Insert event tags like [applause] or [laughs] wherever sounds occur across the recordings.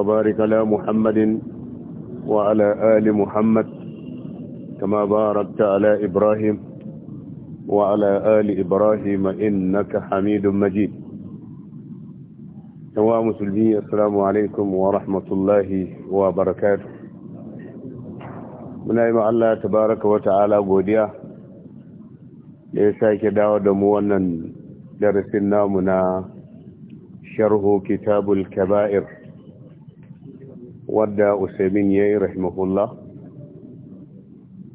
وبارك على محمد وعلى آل محمد كما باركت على إبراهيم وعلى آل إبراهيم إنك حميد مجيد سواء مسلمين السلام عليكم ورحمة الله وبركاته muna yi Allah tabaraka wa ta'ala godiya da ya sake dawo da mu wannan darasin namu na sharhu kitabul kaba'ir wadda usaimin ya yi rahimahullah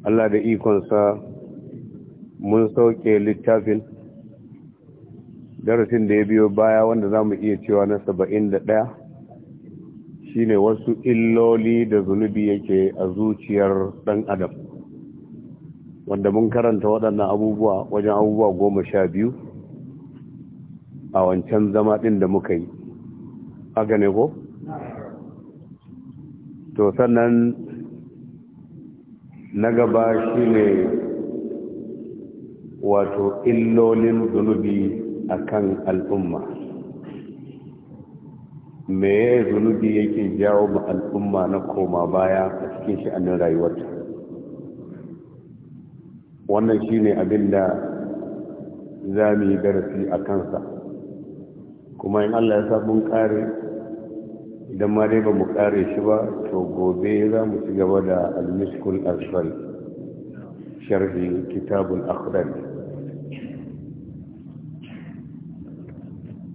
Allah da ikonsa mun sauke littafin darasin da ya biyo baya wanda za mu iya cewa na saba'in da ɗaya shi ne wasu illoli da zunubi yake a zuciyar ɗan adam wanda mun karanta waɗannan abubuwa wajen abubuwa goma sha biyu a wancan zama ɗin da muka yi a gane ko? to sannan na gaba shi ne wato illolin zunubi a kan al'umma me zunubi yake jawo ma al'umma na koma baya a cikin sha'anin rayuwarta wannan shi ne abin da za mu yi darasi a kansa kuma in allah ya sa mun kare idan ma dai ba mu kare shi ba to gobe za mu ci gaba da miskul asfal sharhi kitabul akhdar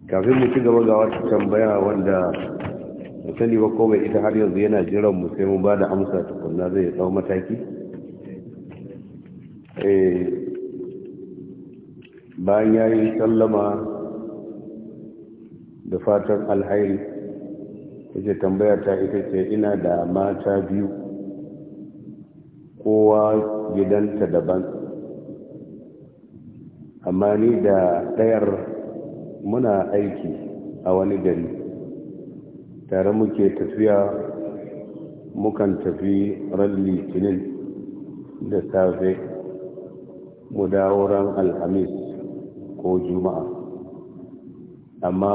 kafin mu ci gaba ga wata tambaya wanda mu sani ba ko ita har yanzu yana jiran mu sai mu ba da amsa tukunna zai tsau mataki eh, bayan ya yi sallama da fatan alhairi yake tambaya ta ita ce ina da mata biyu kowa gidanta daban amma ni da ɗayar muna aiki a wani gari tare muke tafiya mukan tafi ran litinin da safe mu dawo ran alhamis ko juma'a amma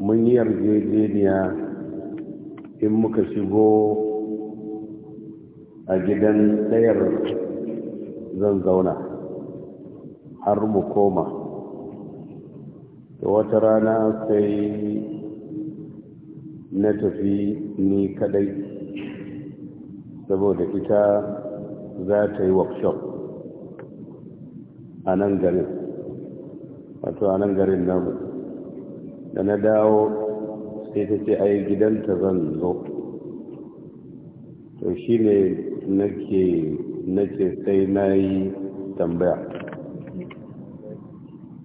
mun yi yarjejeniya in muka shigo a gidan ɗayar zan zauna har mu koma da wata rana sai na tafi ni kadai saboda ita za ta yi workshop a nan garin wato a nan garin namu da na dawo sai ta ce ai gidanta zan zo to shi ne nake sai na yi tambaya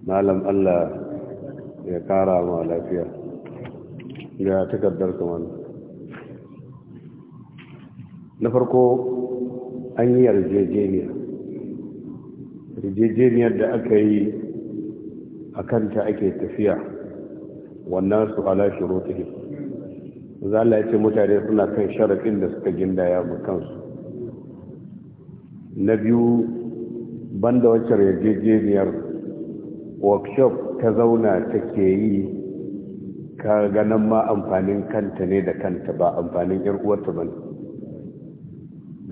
malam allah ya kara ma lafiya ga takardar kamar na farko an yi yarjejeniya yarjejeniyar da aka yi a kanta ake tafiya wannan su ala shurutihim za Allah ya mutane suna kan sharaɗin da suka gindaya ga kansu na biyu banda wacce yarjejeniyar workshop ta zauna take yi ka ganin ma amfanin kanta ne da kanta ba amfanin uwarta ba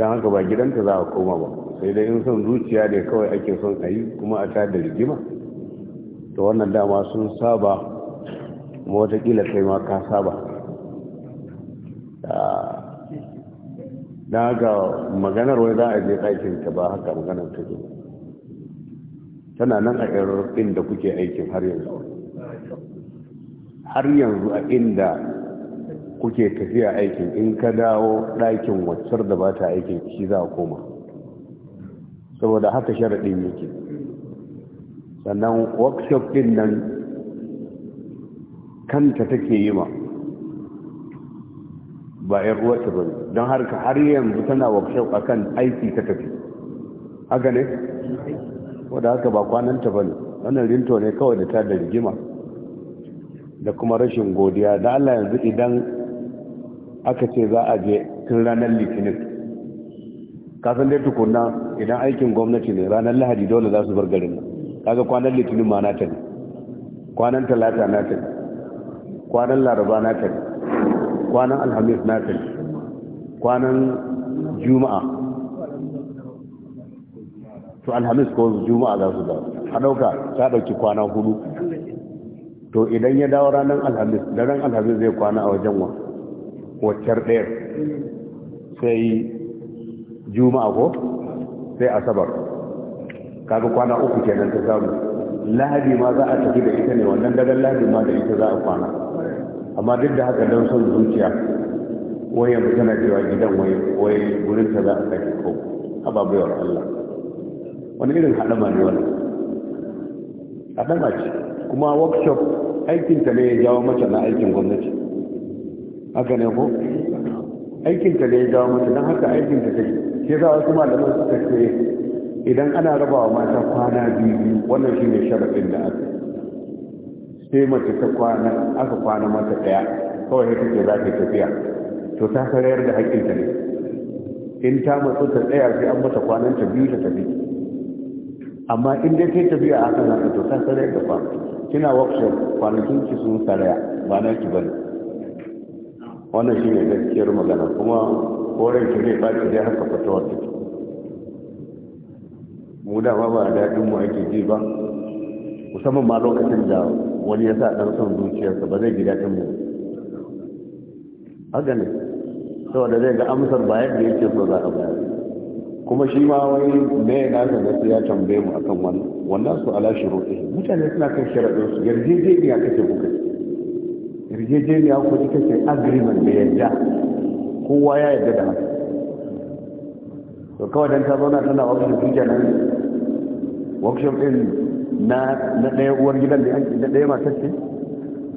don haka ba gidanta za a koma ba sai dai in son zuciya ne kawai ake son a yi kuma a da rigima to wannan dama sun saba kuma watakila kai ma ka saba da ah, ga maganar wai za a je aikin ta ba haka maganar ta zo tana nan a ɗin da kuke aikin har yanzu har yanzu a inda kuke tafiya aikin in ka dawo ɗakin waccar da ba ta aikin shi za a koma saboda haka sharaɗin yake sannan workshop ɗin nan kanta take yi ma ba ruwa ta ba don harka har yanzu tana workshop a kan aiki ta tafi haka ne? wadda haka ba kwananta ba ne wannan rinto ne kawai da ta da rigima da kuma rashin godiya da Allah yanzu idan aka ce za a je tun ranar litinin kasan dai tukuna idan aikin gwamnati ne ranar lahadi dole za su bar garin kaga kwanan litinin ma na ta ne kwanan talata na ta ne kwanan laraba na kari kwanan alhamis na kari kwanan juma'a to alhamis ko juma'a za su dawo a ɗauka ta ɗauki kwana hudu to idan ya dawo ranar alhamis da ran alhamis zai kwana a wajen wa wacce ɗayar sai juma'a ko sai asabar kaga kwana uku kenan ta samu lahadi ma za a tafi da ita ne wannan daren lahadi ma da ita za a kwana amma duk da haka don son zuciya wayan tana cewa gidan waye gurin ta za a sake ko wa Allah wani irin haɗama ne wani haɗama ce kuma workshop aikinta ne ya jawo mata na aikin gwamnati haka ne ko aikinta ne ya jawo mata don haka aikinta ta yi ke za a wasu malaman suka ce idan ana rabawa mata kwana biyu wannan shi ne sharaɗin da aka sai mace ta kwana aka kwana mata daya kawai haka take za ta tafiya to ta sarayar da haƙƙinta ne in ta matsu ta tsaya sai an mata kwanan ta biyu ta tafi amma in dai kai tafiya a kan haka to ta sarayar da kwana kina workshop kwanakin ki sun saraya ba na ki bane wannan shine gaskiyar magana kuma koren ki zai baki dai haka fata wata mu da ba ba daɗin mu ake ji ba musamman ma lokacin da wani ya sa ɗan son zuciyarsa ba zai ji daɗin mu haka ne saboda zai ga amsar ba yadda yake so za a bayar kuma shi ma wani mai na da nasu ya tambaye mu akan wannan wannan su ala roƙe mutane suna kan sharaɗin su yarjejeniya kake kuka yarjejeniya ko ita ce agreement da yadda kowa ya yadda da haka to kawai dan ta zauna tana wakilin tuja nan workshop na ɗaya uwar gidan da na ɗaya masu ce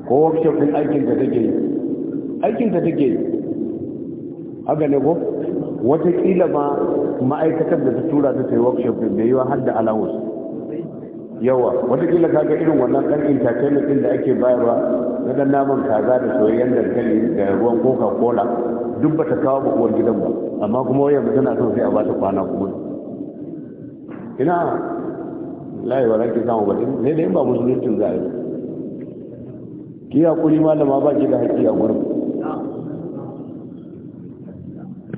ko workshop din aikin da take yi aikin da take yi haka ne ko watakila ma ma'aikatar da ta tura ta sai workshop din mai yiwa har da alawus yawa watakila ga irin wannan ɗan entertainment din da ake bayarwa na ɗan naman kaza da soyayyen dankali da ruwan coca cola duk ba ta kawo ba uwar gidan ba amma kuma wayar tana son sai a ba ta kwana kuma ina wallahi wa za ki samu ne da dai ba musulunci za a yi ki hakuri malama ba ki da haƙƙi a gurin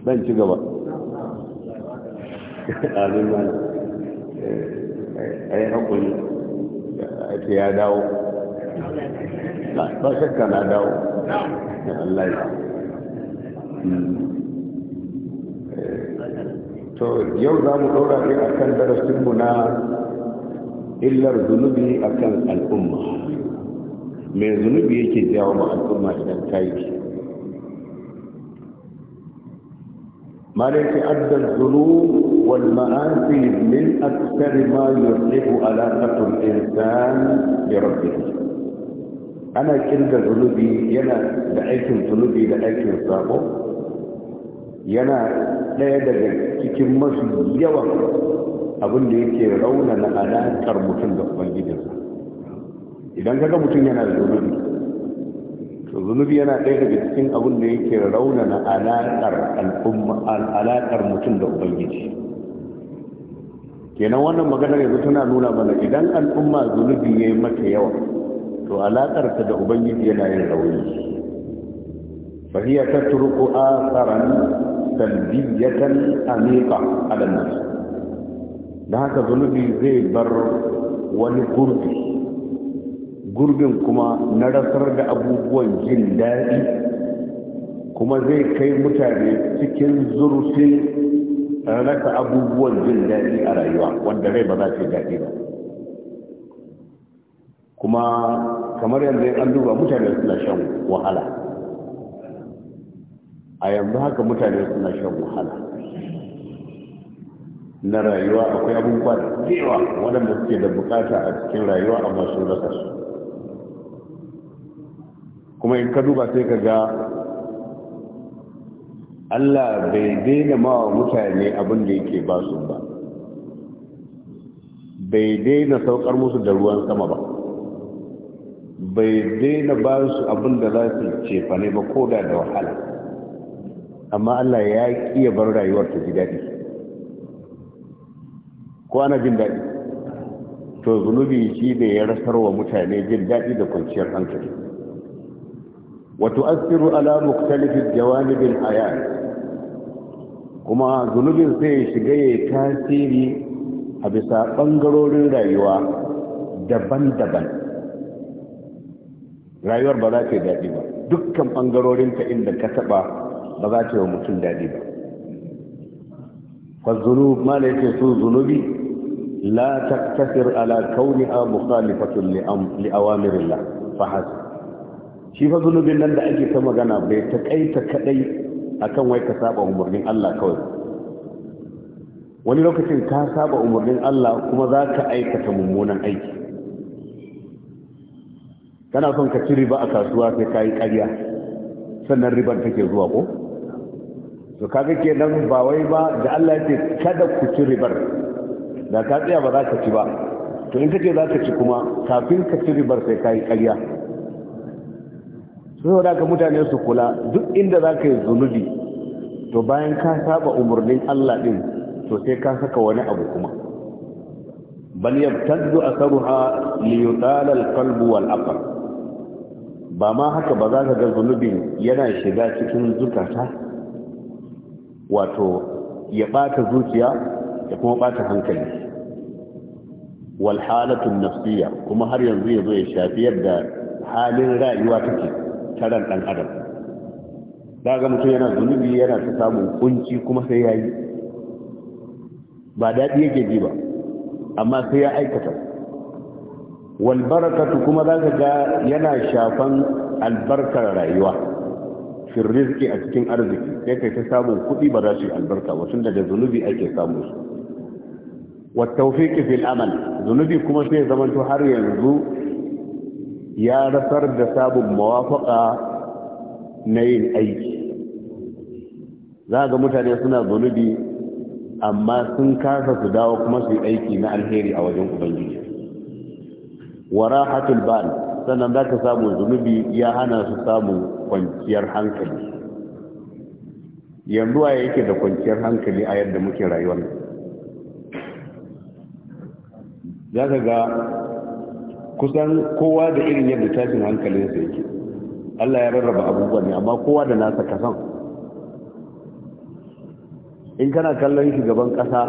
ɗan ci gaba [laughs] amin mana ai eh, eh, hakuri eh, ake ya dawo ba shakka na dawo Allah ya hmm. to yau za mu ɗora ne a kan darasinmu na illa zunubi akan al umma mai zunubi yake jawo ma al umma idan kai ki malaki adda zunub wal ma'asi min akthar ma yurihu ala qatl insan bi rabbih ana kin da zunubi yana da aikin zunubi da aikin sabo yana daya daga cikin masu yawan abin da yake raunana alaƙar mutum da ubangijinsa idan kaga mutum yana da zunubi to zunubi yana ɗaya daga cikin abin da yake raunana alaƙar al'umma mutum da ubangiji kenan wannan maganar yanzu tana nuna mana idan al'umma zunubi yayi mata yawa to alaƙar ta da ubangiji yana yin rauni fa hiya tatruku atharan salbiyatan amiqa ala su. da haka zunubi zai bar wani gurbi gurbin kuma na rasar da abubuwan jin daɗi kuma zai kai mutane cikin zurfin rasa abubuwan jin daɗi a rayuwa wanda rai ba za su daɗi ba kuma kamar yanzu an duba mutane suna shan wahala a yanzu haka mutane suna shan wahala na rayuwa akwai abubuwa da yawa waɗanda suke da bukata a cikin rayuwa amma sun rasa su kuma in ka duba sai ka ga Allah bai daina ma wa mutane abin da yake ba su ba bai daina saukar musu da ruwan sama ba bai daina ba su abin da za su cefane ba ko da da wahala amma Allah ya ƙi bar rayuwar ta ji daɗi ko ana jin daɗi to zunubi shi ne ya rasar wa mutane jin daɗi da kwanciyar hankali wato asiru ala muktalifin jawanibin ayat kuma zunubin sai shiga ya tasiri a bisa ɓangarorin rayuwa daban-daban rayuwar ba za ta yi daɗi ba dukkan ɓangarorinta inda ka taɓa ba za ta yi wa mutum daɗi ba fa zunubi. ma na yake su zunubi لا تقتصر على كونها مخالفة لأوامر الله فحسب shi fa zunubin nan da ake ta magana bai takaita kaɗai akan wai ka saba umarnin Allah kawai wani lokacin ka saba umarnin Allah kuma za ka aikata mummunan aiki kana son ka ci riba a kasuwa sai ka yi ƙarya sannan ribar take zuwa ko to kaga kenan ba wai ba da Allah ya ce kada ku ci ribar da ka tsaya ba za ka ci ba to in ka ce za ka ci kuma kafin ka ci ribar sai ka yi ƙarya Sai da ka mutane su kula duk inda za ka yi zunubi to bayan ka saba umarnin Allah ɗin to sai ka saka wani abu kuma bal yabtaddu asaruha li yutala alqalbu wal aql ba ma haka ba za ka ga zunubin yana shiga cikin zukata wato ya bata zuciya da kuma bata hankali walhalatun halatun nafsiyya kuma har yanzu ya zo ya shafi yadda halin rayuwa take taran ɗan adam daga mutum yana zunubi yana ta samun kunci kuma sai ya yi ba daɗi yake ji ba amma sai ya aikata Walbarkatu kuma za ka ga yana shafan albarkar rayuwa fi a cikin arziki sai kai ta samun kuɗi ba za su yi albarka ba tun daga zunubi ake samu su wa tawfiqi fil amal zunubi kuma sai zamanto har yanzu ya rasar da sabon mawafaka na yin aiki za ga mutane suna zunubi amma sun kasa su dawo kuma su aiki na alheri a wajen ubangiji wa rahatul bal sannan za ka samu zunubi ya hana su samun kwanciyar hankali yanzu a yake da kwanciyar hankali a yadda muke rayuwar za ka ga kusan kowa da irin yadda tashin hankalinsa yake allah ya rarraba abubuwan ne amma kowa da nasa kasan in kana kallon shugaban kasa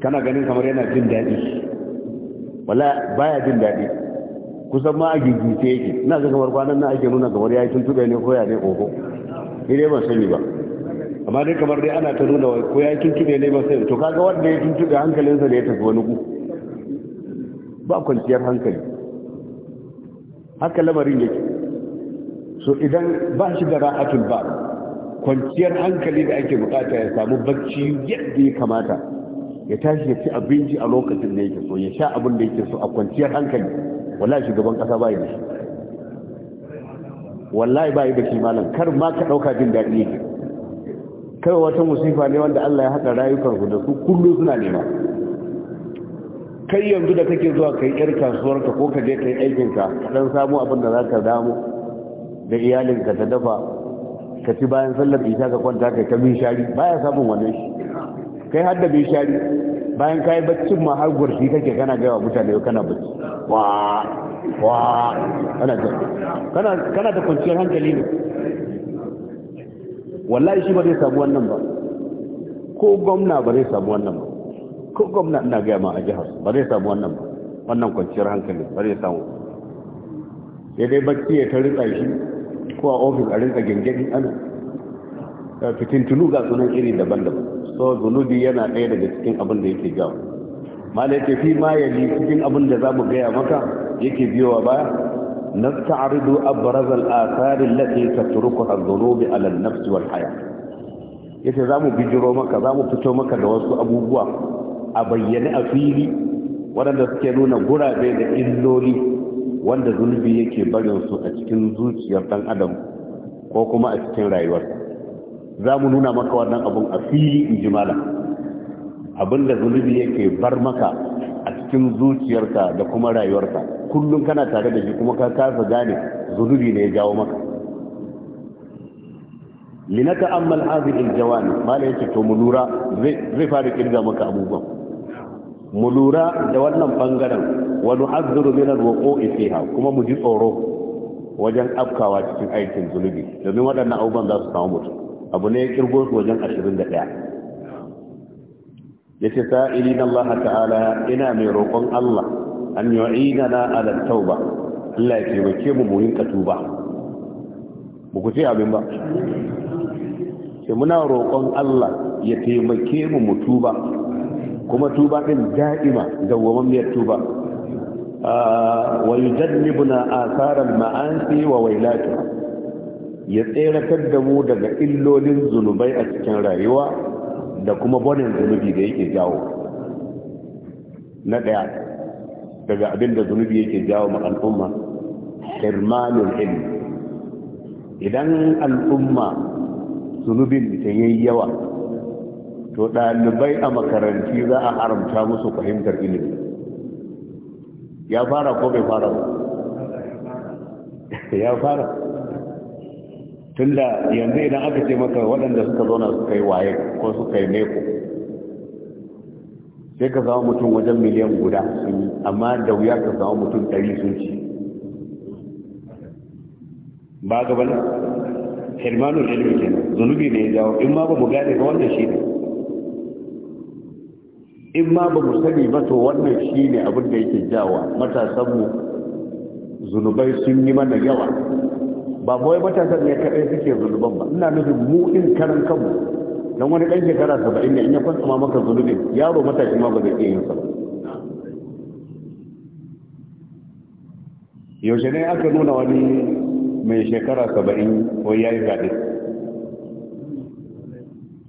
kana ganin kamar yana jin daɗi wala baya jin daɗi kusan ma a gigice yake ina ga kamar kwanan na ake nuna kamar ya yi tuntuɓe ne ko ya ne ƙoƙo ni ban sani ba amma dai kamar dai ana ta nuna wa ko ya tuntube ne ba sai to kaga wanda ya tuntube hankalinsa ne ya tafi wani ba kwanciyar hankali haka lamarin yake so idan ba shi da ra'atul ba kwanciyar hankali da ake bukata ya samu bacci yadda ya kamata ya tashi ya ci abinci a lokacin da yake so ya sha abin da yake so a kwanciyar hankali wallahi shugaban kasa bai da shi wallahi yi da shi malam kar ma ka dauka jin daɗi yake kai wata musifa ne wanda Allah ya haɗa rayukanku da su kullum suna nema kai yanzu da kake zuwa kai yar kasuwarka ko ka je kai aikinka ka dan samu abin da za ka damu da iyalinka ta dafa ka ci bayan sallar isha ka kwanta kai ta shari baya samun wannan shi kai har da shari bayan kai baccin ma har gurshi kake kana ga wa mutane kana bacci wa wa kana da kwanciyar hankali ne wallahi shi ba zai samu wannan ba ko gwamna ba zai samu wannan ba ko gwamna ina gaya ma a jihar ba zai samu wannan ba wannan kwanciyar hankali ba zai samu sai dai bacci ya ta rika shi ko a ofis a rinka gengedi ana tunu ga sunan iri daban-daban so zunubi yana ɗaya daga cikin abin da yake gawa. malai fi ma yali cikin abin da za mu gaya maka yake biyowa baya نستعرض أبرز الآثار التي تتركها الذنوب على النفس والحياة yace za mu bijiro maka za mu fito maka da wasu abubuwa a bayyane a fili waɗanda suke nuna gurabe da illoli wanda zunubi yake barin su a cikin zuciyar ɗan adam ko kuma a cikin rayuwar za mu nuna maka wannan abun a fili in ji malam abinda zunubi yake bar maka a cikin zuciyarka da kuma rayuwarka kullum kana tare da shi kuma ka kasa gane zunubi ne ya jawo maka linaka ammal hadhihi aljawani mala yace to mu lura zai fara kirga maka abubuwan mu lura da wannan bangaren wa nuhadhdhiru min alwuqu'i fiha kuma mu ji tsoro wajen afkawa cikin aikin zunubi domin waɗannan abubuwan za su samu mutum abu ne ya kirgo su wajen 21 ya ce sa'ili Allah ta'ala ina mai roƙon Allah an yu'ina na alattau ba, Allah ya taimake mu mu tuba ba ku ce abin ba ke muna roƙon Allah ya taimake mu mu tuba kuma tuba ɗin da'ima dawwamammiyar tuba wa yujannibuna asaran ma'ansi wa Wailatu? ya tseratar da mu daga illolin zunubai a cikin rayuwa da kuma bonin zunubi da yake jawo na ɗaya daga abin da zunubi yake jawo ma al'umma hirmanul ilmi idan al'umma zunubin ta yayi yawa to ɗalibai a makaranti za a haramta musu fahimtar ilimi ya fara ko bai fara ba [laughs] ya fara tunda yanzu idan aka ce maka waɗanda suka zauna suka yi waye ko suka yi neko sai ka samu mutum wajen miliyan guda sun yi amma da wuya ka samu mutum ɗari sun ci ba gaba na hermano ilmi kenan zunubi ne ya jawo in ma ba mu gane ba wannan shi ne in ma ba mu sani ba to wannan shi ne abin da yake jawa matasanmu zunubai sun yi mana yawa ba mawai matasan ne kaɗai suke zunuban ba ina nufin mu in karan kanmu don wani ɗan shekara saba'in ne in ya kwanta maka zunubin yaro matashi ma ba zai iya yin sa yaushe ne aka nuna wani mai shekara saba'in ko ya yi zaɗe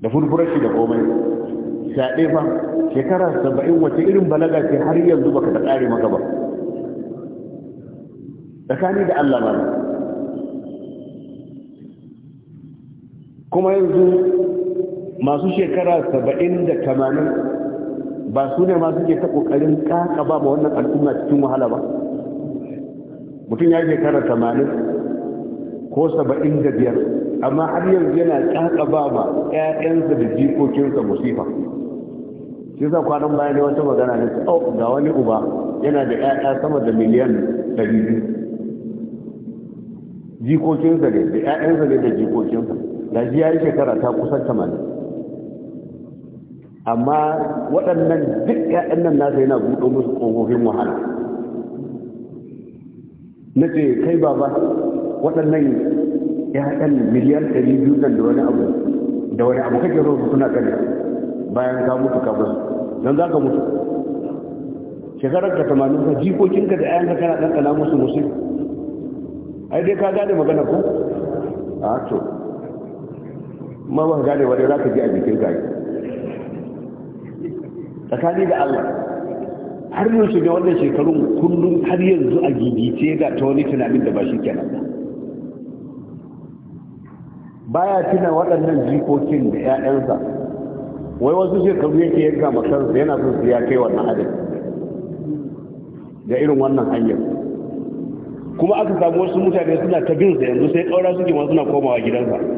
da furfurashi da komai fyaɗe fa shekara saba'in wace irin balaga ce har yanzu baka ta ƙare maka ba tsakani da Allah ba kuma yanzu masu shekara saba'in da tamanin ba su ne masu ke ta kokarin kaka ba ma wannan al'umma cikin wahala ba mutum ya shekara tamanin ko saba'in da biyar amma har yanzu yana kaka ba ma ƴaƴansa da jikokinsa musifa shi sa kwanan baya ne wata magana ne ta oh, ga wani uba yana da ƴaƴa sama da miliyan ɗari biyu jikokinsa ne da 'ya'yansa ne da jikokinsa da shi ya yi shekara ta kusan tamanin amma waɗannan duk ƴaƴan nan nasa yana buɗo musu ƙofofin wahala na ce kai ba ba waɗannan ƴaƴan miliyan ɗari biyu nan da wani abu da wani abu kake rosu suna kane bayan ka mutu ka bar don za ka mutu shekarar ka tamanin ka jikokinka da ka kana ɗanɗana musu musu ai dai ka gane magana ko a to ma ba ka gane wani za ka ji a jikin gaki tsakani da Allah har yau shiga wannan shekarun kullum har yanzu a gigice ga ta wani tunanin da ba shi kenan ba baya tuna waɗannan jikokin da 'ya'yansa wai wasu shekaru yake yanka kansa yana son su ya kai wannan adadi da irin wannan hanyar kuma aka samu wasu mutane suna ta bin yanzu sai ƙaura suke ma suna komawa gidansa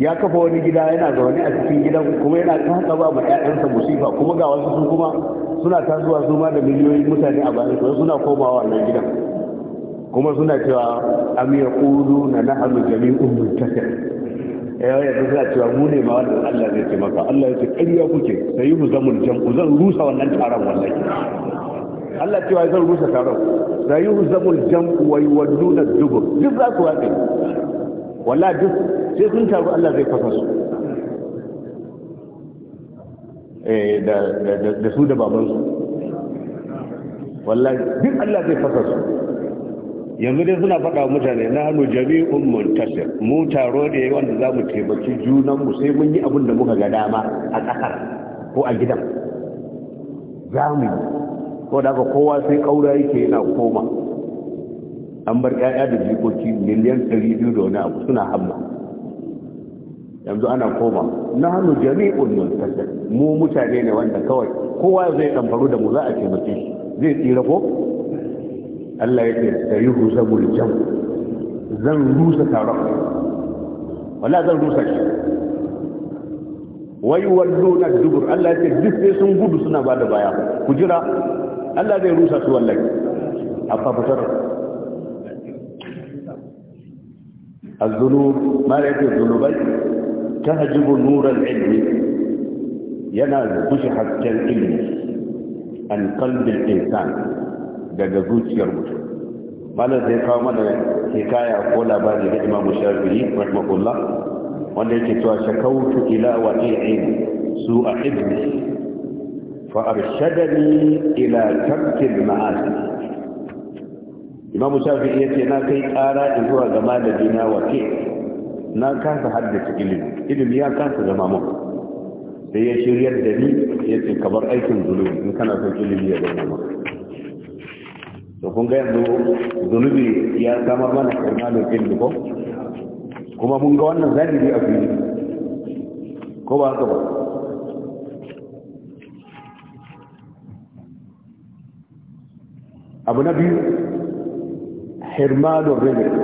ya kafa wani gida yana zaune a cikin gidan kuma yana ta haka ba mu ƴaƴansa musifa kuma ga wasu su kuma suna tasowa su ma da miliyoyin mutane a bayan su suna komawa wannan gidan kuma suna cewa am yaqulu na nahnu jami'un muntasir eh ya suna cewa mu ne ma wanda Allah zai ce maka Allah ya ce ƙarya kuke sai mu zamul ku zan rusa wannan taron wallahi Allah cewa zan rusa taron sai mu zamul jam'u wai waduna dubur duk za su wace wallahi duk sai sun taru Allah zai fasa su eh, da su da babansu wallahi duk Allah zai fasa su yanzu dai suna faɗa mutane na hannu jami'un muntasir mu taro da yawan da za mu taimaki junanmu sai mun yi abin da muka ga dama a ƙasar ko a gidan za mu yi ko da aka kowa sai ƙaura yake yana koma an bar 'ya'ya da jikoki miliyan 200 da wani abu suna hamma yanzu ana koma nahnu jami'un muntasir mu mutane ne wanda kawai kowa zai damfaru da mu za a taimake shi zai tsira ko Allah ya ce da yi rusa jam zan rusa taron wala zan rusa shi wai wallo na dubur Allah ya ce duk sai sun gudu suna ba da baya ku jira Allah zai rusa su wallahi a fafatar الذنوب ما لا يكون ذنوبا تهجب نور العلم bushe بشحة ilimi عن قلب الإنسان daga zuciyar mutum malar zai kawo mana hikaya ko labari na imam shafi'i rahimahullah wanda yake cewa shakautu ila wa ilmi su a ibni fa arshadani ila tarkil ma'asi imam shafi'i yace na kai ƙara zuwa ga malami na wake na kasa haddace ilimi ilimi ya kasa zama mun sai ya shiryar da ni ya ce ka bar aikin zunubi in kana son ilimi ya zama mun? to kun ga yanzu zunubi ya samar mana karnalin ilimi ko kuma mun ga wannan zahiri a fili ko ba haka ba abu na biyu hirmadun rizq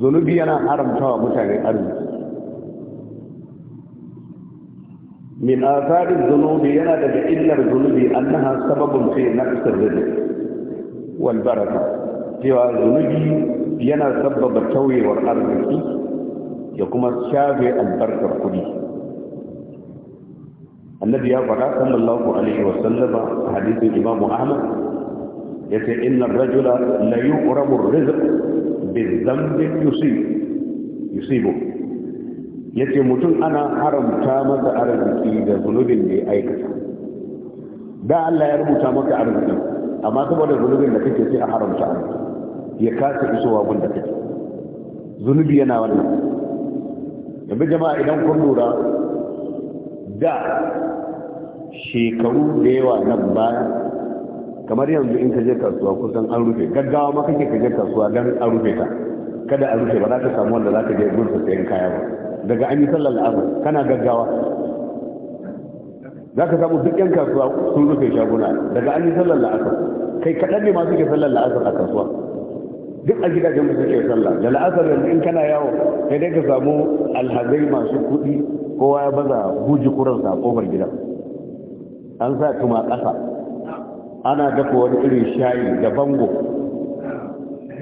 zunubi yana haramtawa mutane arziki من آثار الذنوب ينادك إلا الذنوب أنها سبب في نقص الرزق والبركة سوى الذنوب ينا سبب التوي والأرض يقوم الشافع البركة كلي النبي أفرا صلى الله عليه وسلم حديث الإمام أحمد يسي إن الرجل لا يقرب الرزق بالذنب يصيب يصيبه ya ce mutum ana haramta masa arziki da zunubin da ya aikata da Allah ya rubuta maka arziki amma saboda zunubin da kake sai a haramta arziki ya kasa isowa gun da kake zunubi yana wannan yanzu jama'a idan kun lura da shekaru da yawa nan baya kamar yanzu in ka je kasuwa kusan an rufe gaggawa ma kake ka je kasuwa dan an rufe ka kada a rufe ba za ka samu wanda za ka je gunsa sayan kaya ba daga an yi sallar la'asar kana gaggawa za ka samu duk 'yan kasuwa sun rufe shaguna daga an yi sallar la'asar kai kaɗan ne masu ke sallar la'asar a kasuwa duk a gidajen su ke sallah da la'asar yanzu in kana yawo sai dai ka samu alhazai masu kuɗi kowa ya baza buji kuransa sa kofar gidan an sa tuma ƙasa ana dafa wani irin shayi da bango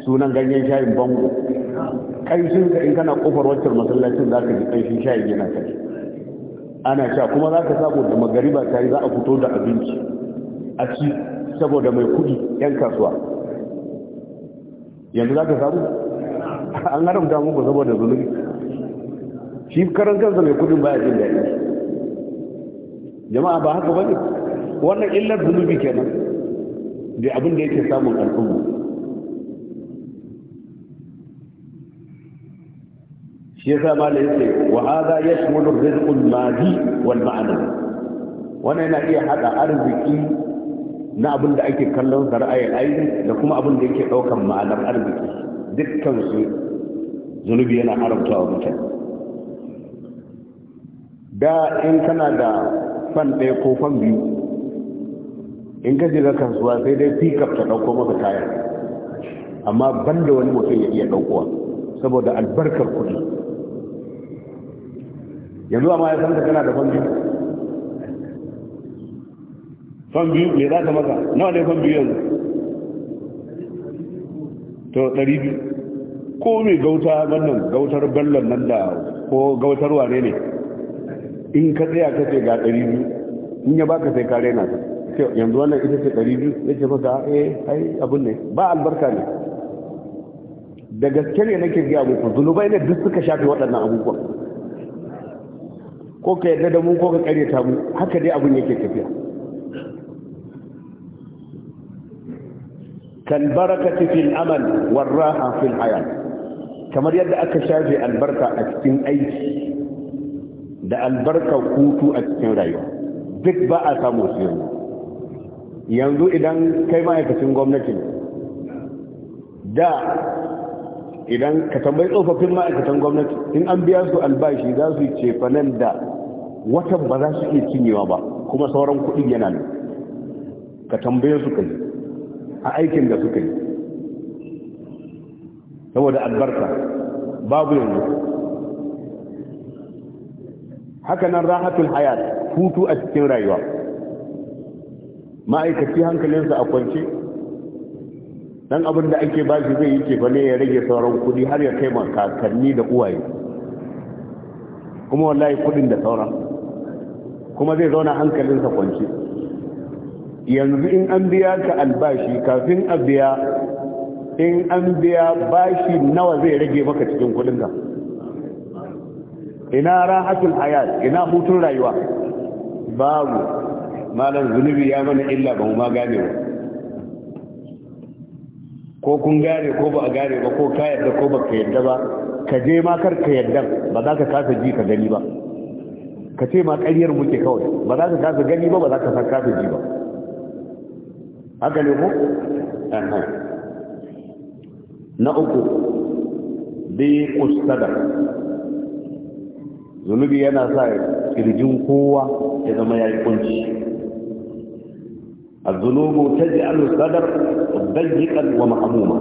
sunan ganyen shayin bango ƙanshin ka in kana kofar wancan masallacin za ka ji sha yi yana kai ana sha kuma za ka da magariba ta yi za a fito da abinci a ci saboda mai kuɗi 'yan kasuwa yanzu za ka samu an haramta muku saboda zunubi shi karan kansa mai kudin baya jin daɗi jama'a ba haka bane wannan illar zunubi kenan da abin da yake samun al'umma shi yasa malai yake wa hadha yashmulu rizqul madi wal ma'na wannan yana iya hada arziki na abin da ake kallon sa ra'ayin aini da kuma abin da yake daukan ma'anar arziki dukkan su zunubi yana haramta wa mutane da in kana da fan ɗaya ko fan biyu in ka jira kasuwa sai dai pickup ta dauko maka kaya amma banda wani mutum ya iya daukowa saboda albarkar kuɗi yanzu amma ya san ka kana da fambi fambi mai za ka maka nawa ne fambi yanzu to ɗari biyu ko mai gauta wannan gautar ballon nan da ko gautar wane ne in ka tsaya ka ce ga ɗari biyu in ya baka sai kare na ta yanzu wannan ita ce ɗari biyu ya ce maka eh ai abin ne ba albarka ne da gaske ne nake gaya muku zunubai ne duk suka shafi waɗannan abubuwan ko ka yarda da mu ko ka ta mu haka dai abin yake tafiya kan barakati fil amal war raha fil hayat kamar yadda aka shafe albarka a cikin aiki da albarka hutu a cikin rayuwa duk ba a samu su yanzu yanzu idan kai ma'aikacin gwamnati da idan ka tambayi tsofaffin ma'aikatan gwamnati in an biya su albashi za su ce fanan da watan ba za su iya cinyewa ba kuma sauran kuɗin yana ne ka tambaye su kai a aikin da suka yi saboda albarka babu yanzu haka nan rahatun hayat hutu a cikin rayuwa ma'aikaci hankalinsa a kwance dan abin da ake ba shi zai yi ke bane ya rage sauran kudi har ya kai ma kakanni da uwaye kuma wallahi kudin da sauran kuma zai zauna hankalinsa kwance. yanzu in an biya ka albashi kafin a biya in an biya bashi nawa zai rage maka cikin ka ina rahatul hayat ina hutun rayuwa babu malar zunubi ya mana illa ba mu ma gane ba ko kun gane ko ba a gane ba ko ka yadda ko ba ka yadda ba ka je ma kar ka yadda ba za ka kasa ji ka gani ba ka ce ma ƙaryar muke kawai ba za ka kasa gani ba ba za ka san kasa ji ba haka ne ko na uku bi kustada zunubi yana sa kirjin kowa ya zama ya yi kunci الذنوب تجعل الصدر wa ومحموما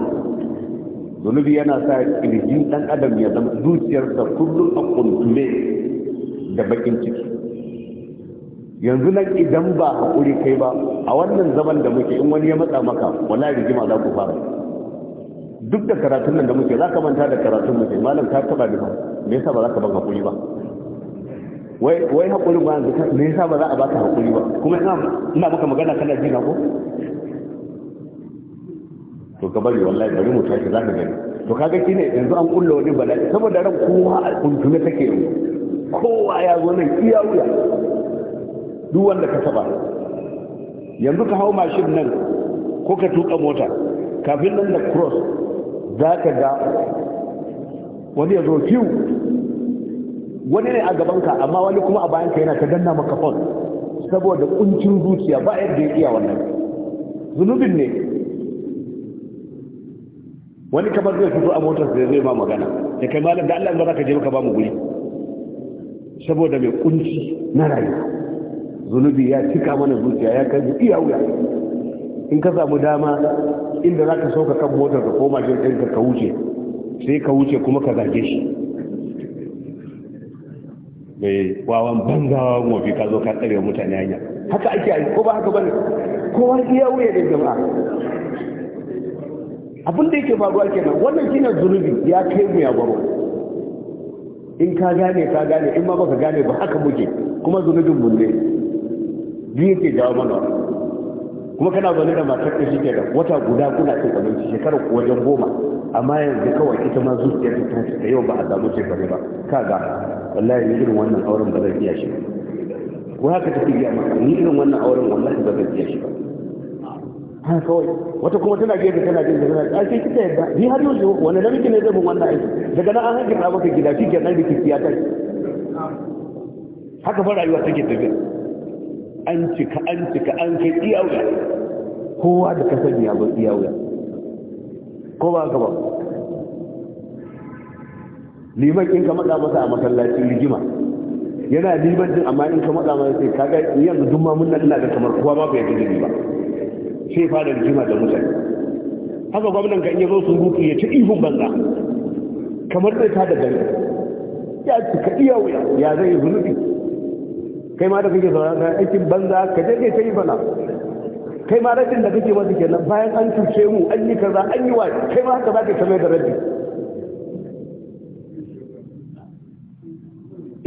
zunubi yana sa kirjin dan adam ya zama zuciyarsa kullum a kuntume da bakin ciki yanzu nan idan ba haƙuri kai ba a wannan zaman da muke in wani ya matsa maka wala rigima za ku fara duk da karatun nan da muke za ka manta da karatun muke malam ka taba ni me yasa ba za ka ban haƙuri ba wai wai haƙuri ba yanzu me yasa ba za a baka haƙuri ba kuma ina ina maka magana kana jina ko to ka bari wallahi bari mu tashi za ka gani to kaga shine yanzu an kulla wani bala'i saboda ran kowa al'umma take yanzu kowa ya zo nan iya wuya duk wanda ka taba yanzu ka hau mashin nan ko ka tuka mota kafin nan da cross za ka ga wani ya zo fiw wani ne a gabanka amma wani kuma a bayanka yana ta danna maka fon saboda kuncin zuciya ba yadda ya iya wannan zunubin ne wani kamar zai fito a motar da zai ma magana da kai malam da Allah ba za ka je maka ba mu guri saboda mai kunci na rayuwa zunubi ya cika mana zuciya ya kai iya wuya in ka samu dama inda za ka sauka kan motar ka koma jin ɗinka ka wuce sai ka wuce kuma ka zage shi mai wawan bangawa mafi ka zo ka tsare mutane hanya haka ake yi ko ba haka bane kowa iya wuya da jama'a abin da yake faruwa kenan wannan shine zunubi ya kai mu ya baro in ka gane ka gane in ma baka gane ba haka muke kuma zunubin mun ne duk yake jawo mana kuma kana zaune da matar ka shike da wata guda kuna cin abinci shekara ko wajen goma amma yanzu kawai ita ma zuciyar ta ta ta yau ba a samu ce bane ba ga wallahi ni irin wannan auren ba zan iya shi ko haka take gaya maka ni irin wannan auren wallahi ba zan iya shi ba ta kawai wata kuma tana gefe tana jin tana a sai kika yadda ni har yau wani namiji ne zai mun wannan aiki daga nan an hanke ta maka gida shi kenan da kike ta haka fa rayuwa take tafiya an cika an cika an kai iya kowa da ka sani ya bar iya ko ba ka ba liman in ka matsa masa a masallacin rigima yana liman din amma in ka matsa masa sai kaga yanzu duk ma mun nan da kamar kowa ba ma bai ga ba sai fara rigima da mutane haka gwamnan ka iya zo sun gutu ya ci ihun banza kamar zai ta da gari ya ci ka iya wuya ya zai yi zunubi kai ma da kake zaura na aikin banza ka je kai ta yi bala kai ma rabin da kake masa kenan bayan an cuce mu an yi kaza an yi wani kai ma haka za ka tsamai da rabbi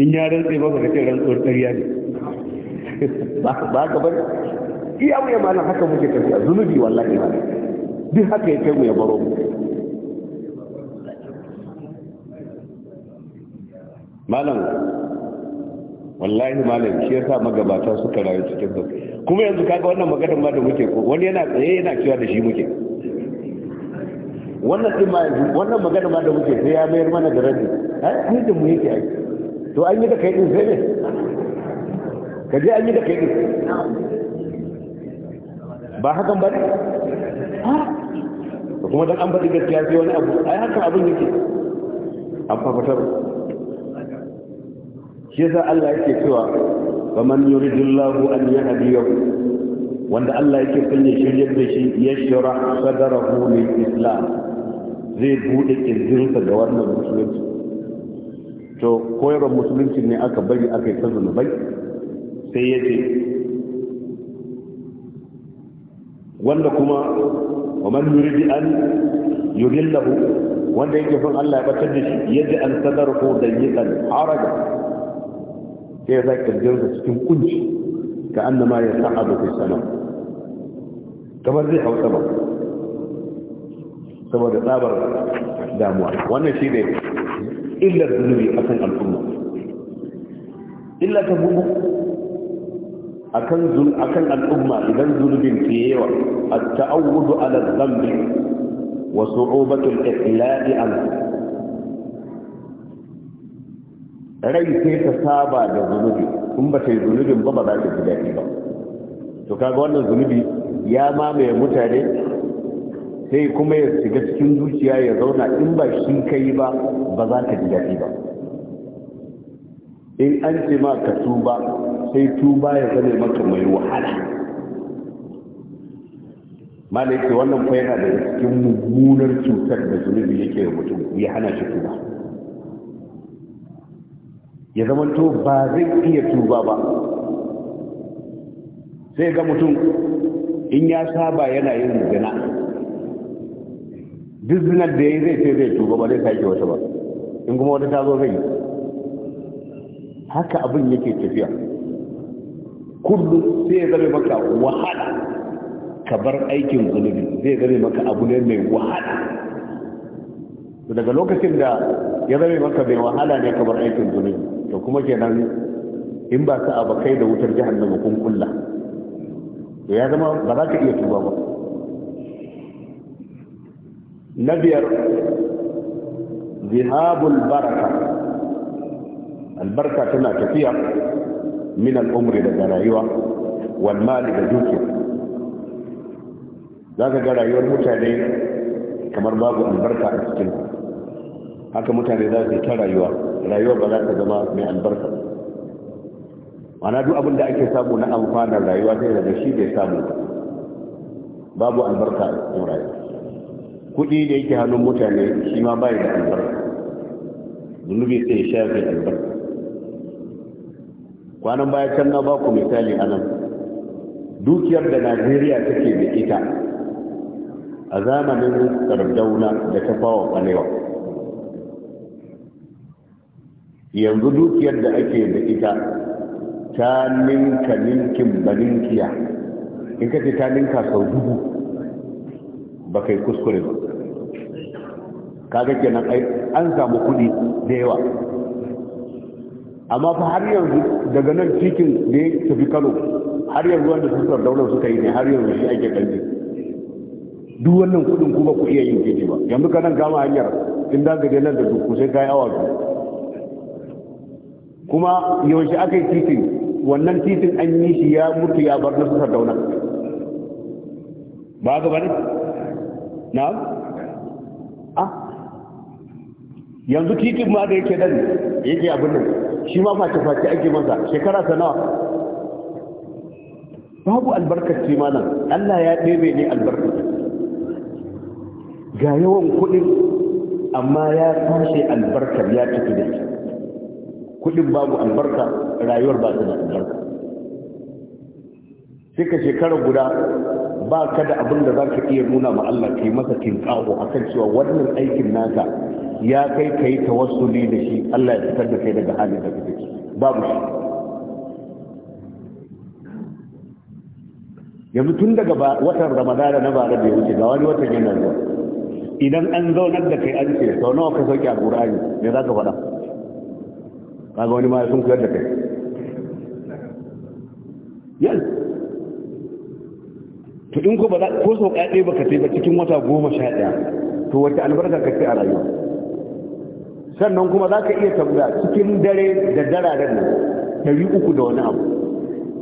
in ya rantse ba ka ce rantsuwar ƙarya ne [laughs] ba ka bari iya abu ya malin haka muke tafiya zunubi wallahi ba duk haka ya kai mu ya baro mu malam wallahi malam shi yasa magabata suka rayu cikin su kuma yanzu kaga wannan maganar ma da muke ko wani yana tsaye yana cewa da shi muke wannan din ma yanzu wannan maganar ma da muke sai ya mayar mana da rabi ai eh, ni da mu yake ai to an yi da kai din sai ne kaje an yi da kai din ba hakan ba ne Ba kuma don an baɗi gaskiya sai wani abu ai haka abin yake an fafatar shi yasa Allah yake cewa wa man yuridillahu an yahdiyahu wanda Allah yake sanya ya shirye da shi yashra sadrahu lil islam zai bude kirjinsa ga wannan musulunci to koyarwar musulunci ne aka bari aka yi ta zunubai sai ya ce wanda kuma wa man yuridi an yudillahu wanda yake son Allah ya batar da shi yadda an sadarhu dayyiqan haraga sai ya sa kirjinsa cikin kunci ka annama ya sa'adu fi sama kamar zai hausa saboda tsabar damuwa wannan shi ne illar al'umma illa ta bugu akan zul akan al'umma idan zulubin ke yawa at ta'awud ala dhanb wa su'ubatu al-iqlali an rai sai ta saba da zulubi in ba ta yi ba ba za ta ji daɗi ba to kaga wannan zunubi ya mamaye mutane sai kuma ya shiga cikin zuciya ya zauna in ba shi kai ba ba za ta ji daɗi ba in an ce ma ka tuba sai tuba ya zane maka mai wahala malai ce wannan fa da cikin mummunar cutar da zunubi yake da mutum ya hana shi tuba ya zama to ba zai iya tuba ba sai ga mutum in ya saba yana yin zina duk zinar da ya yi zai ce zai tuba ba zai sake wata ba in kuma wata ta zo zai yi haka abin yake tafiya kullum sai ya zame maka wahala ka bar aikin zunubi zai zame maka abu ne mai wahala daga lokacin da ya zame maka mai wahala ne ka bar aikin zunubi to kuma kenan in ba ka abakai da wutar da kun kulla to ya zama ba za ka iya tuba ba na biyar zihabul baraka albarka tana tafiya min al'umri daga rayuwa wal mali da dukiya za ka ga rayuwar mutane kamar babu albarka a cikin haka mutane za su ta rayuwa rayuwa ba za ta zama mai albarka mana duk abin da ake samu na amfanar rayuwa sai daga shi bai samu babu albarka a cikin rayuwa kuɗi da yake hannun mutane shi ma bai da albarka zunubi sai ya shafe albarka kwanan baya can na ba ku misali a nan dukiyar da najeriya take da ita a zamanin sardauna da ta fawa kwalewa yanzu dukiyar da ake da ita ta ninka ninkin baninkiya in ka ta ninka sau dubu ba kai kuskure ba kaga kenan an samu kudi da yawa amma fa har yanzu daga nan cikin da ya tafi kano har yanzu wanda sufar daular suka yi ne har yanzu shi ake kanji duk wannan kudin kuma ku iya yin jeji ba yanzu ka nan gama hanyar in da gaje nan da duk sai kayi awa biyu kuma yaushe aka yi titin wannan titin an yi shi ya mutu ya bar na sufar daular ba ga bane na ah yanzu titin ma da yake dan yake abin nan shi ma face-face ake masa shekara ta nawa babu albarkaci malam allah ya ɗebe ne albarkaci ga yawan kuɗin amma ya tashe albarkar ya tafi da shi kuɗin babu albarka rayuwar ba ta da albarka sai ka shekara guda ba ka da abin da za ka iya nuna ma Allah ka yi masa tinkawo a kan cewa wannan aikin nasa. ya kai ka yi tawassuli da shi Allah ya fitar da kai daga halin da kake ciki babu shi yanzu tun daga watan ramadana na bara da ya wuce ga wani watan yana zuwa idan an zaunar da kai an ce sau nawa ka sauke a qur'ani me za ka faɗa kaga wani ma sun kuyar da kai yan to in ko ba ko sau ɗaya ba ka ba cikin wata goma sha ɗaya to wata albarka ka ce a rayuwa sannan kuma za ka iya tambaya cikin dare da dararen nan dari uku da wani abu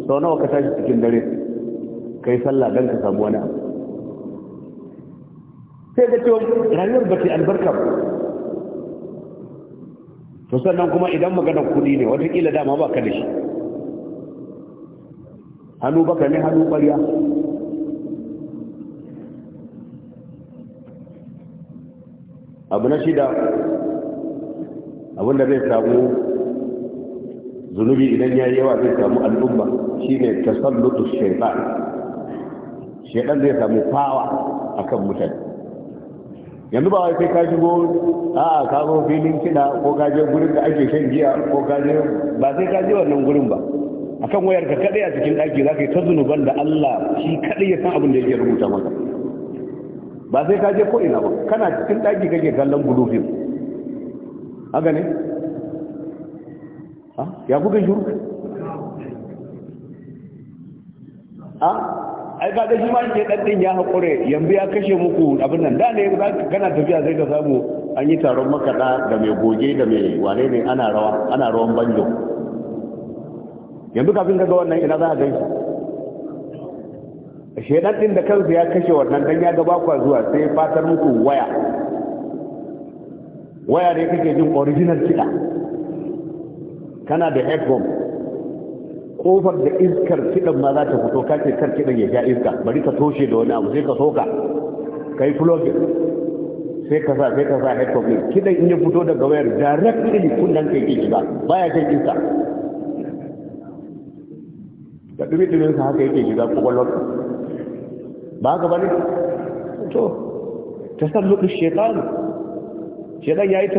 sau nawa ka tashi cikin dare ka yi sallah don ka samu wani abu sai da cewa rayuwar ba ce albarka ba to sannan kuma idan maganar kudi ne watakila dama ba ka da shi hannu baka ne hannu ƙwarya abu na shida abinda zai samu zunubi idan ya yi yawa zai samu al'umma shi ne lutus shaitan shaitan zai samu fawa a kan mutane yanzu ba wai sai ka shigo a a kago filin kina ko ka je gurin da ake shan giya ko ka je ba sai ka je wannan gurin ba a kan wayar ka kadai a cikin ɗaki za ka yi ta zunuban da Allah shi kadai ya san abin da yake rubuta maka ba sai ka je ko ina ba kana cikin ɗaki kake kallon blue film haka ne ya kuka shuru ha? ai da shi ma ke ɗanɗin ya haƙure yanzu ya kashe muku abin nan da ne ka gana tafiya zai ka samu an yi taron makaɗa da mai goge da mai wane ne ana rawa ana rawan banjo yanzu kafin daga wannan ina za a gaisu. shi ɗanɗin da kansu ya kashe wannan dan ya gaba kwa zuwa sai fatar muku waya waya da kake jin original kiɗa kana da headphone kofar da iskar kiɗan ma za ta fito kake kar kiɗan ya ja iska bari ka toshe da wani abu sai ka soka ka yi plugin sai ka sa sai ka sa headphone ɗin kiɗan in ya fito daga wayar directly kunnen kai ke shiga baya kai iska da ɗumi-ɗumin sa haka yake shiga kwakwalwar ba haka ba to ta san lokacin shekaru shedan yayi a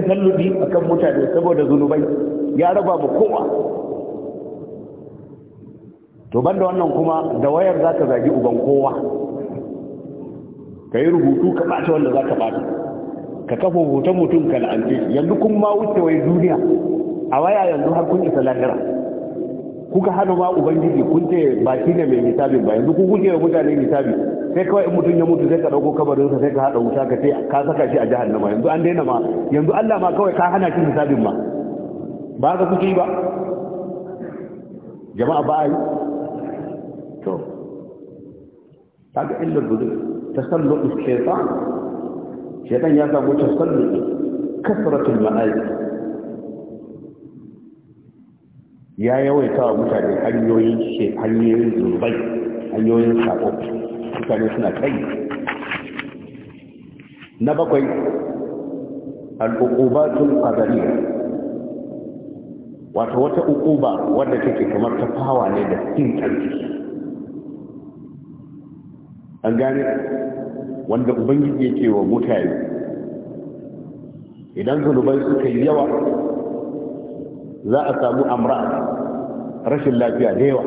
akan mutane saboda zunubai ya raba mu kowa to banda wannan kuma da wayar zaka zagi uban kowa kai rubutu ka ɓata wanda zaka ɓata. ka kafa hoton mutum ka la'ance yanzu kun ma wuce wai duniya a waya yanzu har kun isa lahira kuka hana ma ubangiji kun ce baki ne mai misabin ba yanzu kun kuke wa mutane misabin sai kawai in mutum ya mutu sai ka dauko sa sai ka hada wuta ka ce ka saka shi a jahannama yanzu an daina ma yanzu Allah ma kawai ka hana shi misabin ma ba ka kuke ba jama'a ba ai to kaga illa budu tasallu shaytan shaytan ya samu tasallu kasratul ma'ayi ya yawaita wa mutane hanyoyin shi hanyoyin sako mutane suna kai na bakwai al'uqubatul qadariyya wato wata uquba wadda take kamar ta fawa ne da cin karfi an gane wanda ubangiji yake wa mutane idan zunubai suka yi yawa za a samu amra rashin lafiya da yawa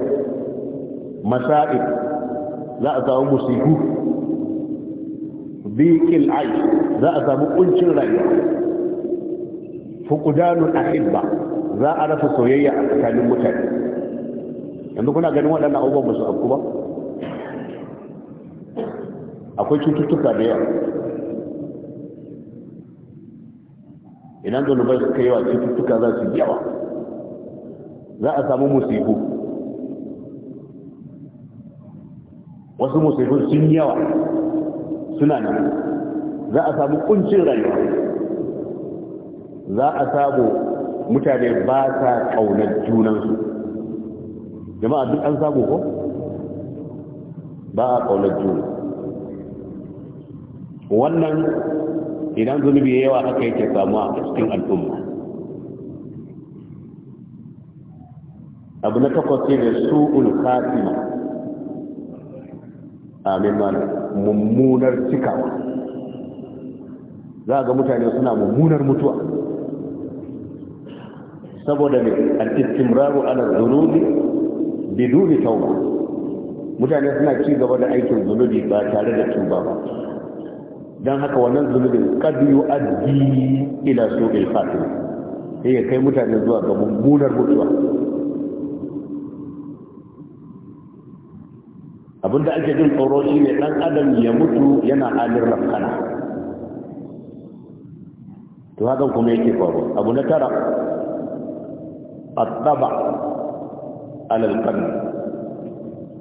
masa'ib za a samu musiku bikin ai za a samu kuncin rayuwa fuqdanul ahibba za a rasa soyayya a tsakanin mutane yanzu kuna ganin waɗannan abubuwan ba su abu ba akwai cututtuka da yawa idan zunubai suka wa cututtuka za su yawa za a samu musiku wasu musulmi sun yawa suna nan za a samu kuncin rayuwa za a samu mutane ba sa kaunar junansu jama'a duk an samu ko ba a kaunar juna wannan idan zunubi yawa aka yake samuwa a cikin al'umma abu na takwas ne da su'ul khatima amin mummunar cikawa za ga mutane suna mummunar mutuwa saboda ne al-istimraru ala dhunubi biduni tauba mutane suna ci gaba da aikin zunubi ba tare da tuba ba don haka wannan zunubin kad yu'addi ila su'il khatima sai ya kai mutane zuwa ga mummunar mutuwa abinda ake jin tsoro shi ne ɗan adam ya mutu yana halin rafkana to hakan kuma yake faru abu na tara attaba alal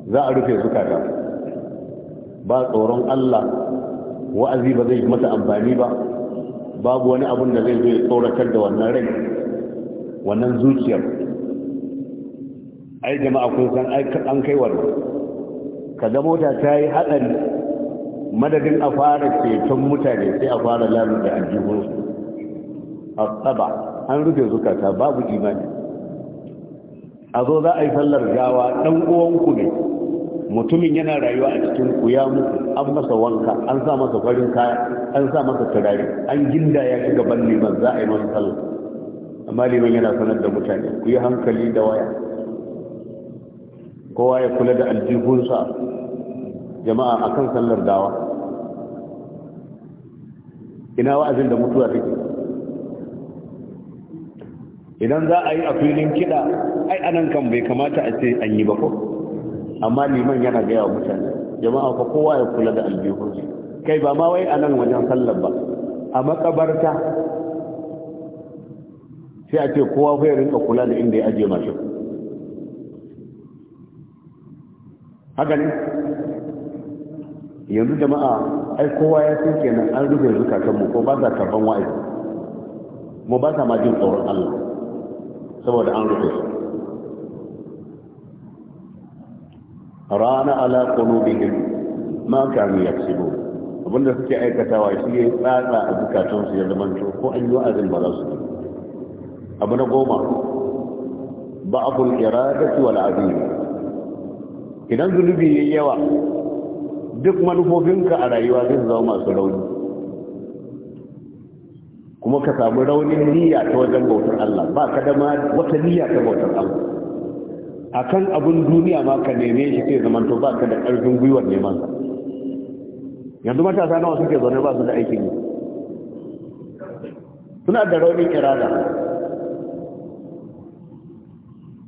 za a rufe zukata ba tsoron Allah wa'azi ba zai mata amfani ba babu wani abun da zai ya tsoratar da wannan rai wannan zuciyar ai jama'a kun san an kai wannan ka ga mota ta yi haɗari madadin a fara ceton mutane sai a fara lalu da aljihunsu a tsaba an rufe zukata babu imani a zo za a yi sallar gawa ɗan uwanku ne mutumin yana rayuwa a cikin ku ya an masa wanka an sa masa farin kaya an sa masa turare an ginda ya ci gaban liman za a yi masa sallar amma liman yana sanar da mutane ku yi hankali da waya kowa ya kula da aljihunsa jama'a a kan sallar dawa ina wa'azin da mutuwa take idan za a yi a filin kiɗa ai anan kan bai kamata a ce an yi ba ko amma liman yana gaya wa mutane jama'a fa kowa ya kula da aljihunsa kai ba ma wai anan wajen sallar ba a makabarta sai a ce kowa fa ya rinka kula da inda ya ajiye mashi haka ne yanzu jama'a ai kowa ya san kenan an rufe mu ko ba sa karban wa'azi mu ba sa ma jin tsoron Allah saboda an rufe su rana ala qulubihim ma kanu yaksubu abinda suke aikatawa shi ne tsatsa a su ya to ko an yi wa'azin ba za su yi abu na goma ba'dul iradati wal azim idan zunubi yayi yawa duk manufofinka a rayuwa zai zama masu rauni kuma ka samu raunin niyya ta wajen bautar Allah ba ka da wata niyya ta bautar Allah kan abun duniya ma ka neme shi sai zaman to ba ka da ƙarfin gwiwar neman sa yanzu matasa nawa suke zaune ba su da aikin yi suna da raunin irada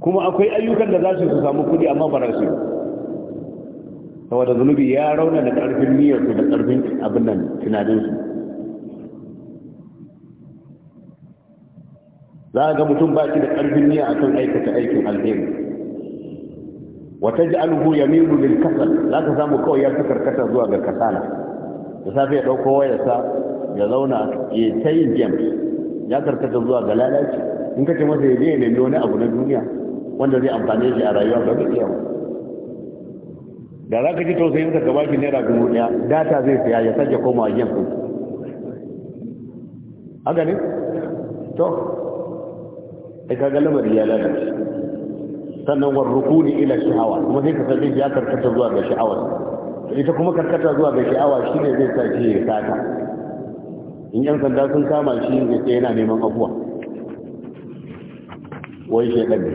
kuma akwai ayyukan da za su samu kudi amma ba su yi saboda zunubi ya rauna da ƙarfin su da ƙarfin abin nan tunaninsu za a ga mutum ba shi da ƙarfin niyya a kan aikata aikin alheri wata ji alhu ya mimu lil kasal za ka samu kawai ya fi karkata zuwa ga kasala da safe ya ɗauko wayarsa ya zauna ya ta yin games ya karkata zuwa ga lalaci in kace masa ya je ya nemi wani abu na duniya wanda zai amfane shi a rayuwa ba zai iya da za ka ji tausayi ka ba shi naira dubu ɗaya. data zai saya ya sake koma a yin kuɗi haka ne to ai kaga lamari ya lalace sannan wa rukuni ila sha'awa, kuma zai ka sanin ya karkata zuwa ga sha'awa ita kuma karkata zuwa ga sha'awa shi ne zai sake ya sata in yan sanda sun kama shi ne sai yana neman abuwa wai shedan ne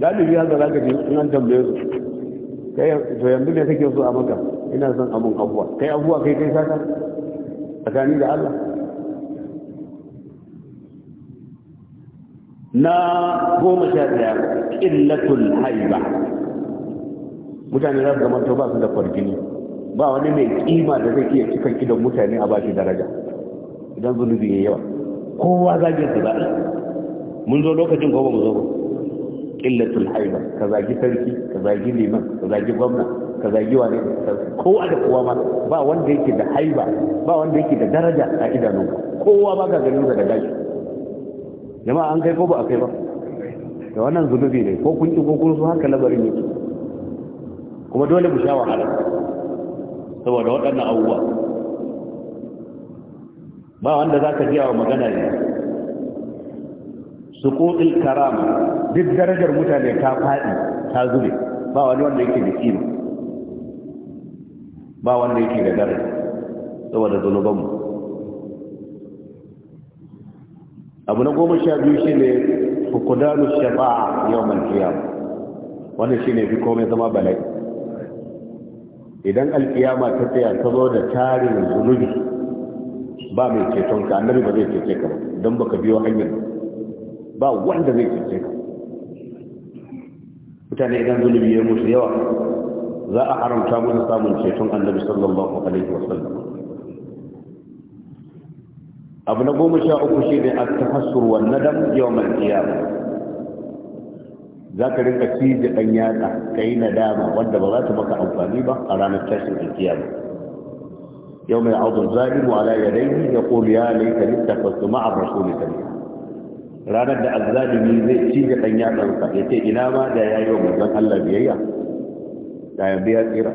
galibi ya zara ji in an tambaye su kai to yanzu ne kake so a maka ina son abun abuwa kai abuwa kai kai saka tsakani da Allah na goma sha daya illatul haiba mutane za su zama to ba su da fargini ba wani mai kima da zai iya cikin idan mutane a bashi daraja idan zunubi ya yawa kowa zagin su za'a mun zo lokacin ko ba mu zo ba ƙillatul haida ka zagi sarki ka zagi liman ka zagi gwamna ka zagi wane kowa da kowa ma ba wanda yake da haiba ba wanda yake da daraja a idanun kowa ba ga ganin da gashi jama'a an kai ko ba a kai ba da wannan zunubi ne ko kun ki ko kun su haka labarin yake kuma dole mu sha wahala saboda waɗannan abubuwa ba wanda za ka ji wa magana ne suƙoƙin karama duk darajar mutane ta faɗi ta zube ba wani wanda yake da kima ba wanda yake da daraja saboda zunubanmu abu na goma sha biyu shi ne fukudanu shafa'a yau malkiya wannan shi ne fi komai zama bala'i idan alkiyama ta tsaya ta zo da tarin zunubi ba mai ceton ka annabi ba zai cece ka ba, don baka biyo hanyar ba wanda zai cece ka mutane idan zo ne biye musu yawa za a haramta musu samun ceton annabi sallallahu alaihi wasallam abu na goma sha uku shi ne at tahassur wan nadam yawm al qiyamah za ka rinka ci da dan yada kai nadama wanda ba za ta maka amfani ba a ranar tashin alkiyama يوم mai الظالم على يديه يقول يا qulu ya laita littafatu ma'a rasulika ranar da azzalimi zai ci da ɗan yatsansa ya ce ina ma da ya yi wa mutum Allah biyayya da ya biya tsira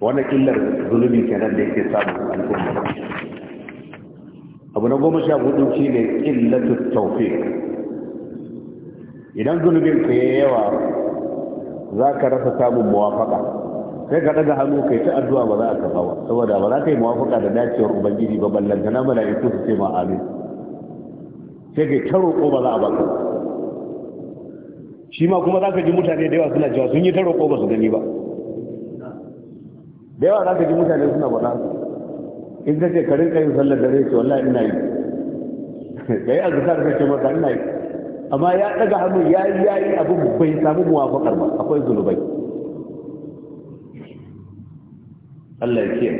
wannan killar zulumi kenan da yake samun al'umma abu na goma sha hudu shi ne illatu taufe idan zunubin ka yi yawa za ka rasa samun mawafaka, sai ka daga hannu kai ta addu'a ba za a kafa saboda ba za ka yi mawafaka da dacewar ubangiji ba ballantana mala'iku su ce ma amin sai ga ta roƙo ba za a baka shi ma kuma za ka ji mutane da yawa suna cewa sun yi ta roƙo ba su gani ba da yawa za ka ji mutane suna faɗa in ka ce karin kayin sallar zai ce wallah ina yi da yi azuka da kake masa ina yi amma ya ɗaga hannu ya yi ya yi abu bai samu muwafakar ba akwai zunubai Allah ya ce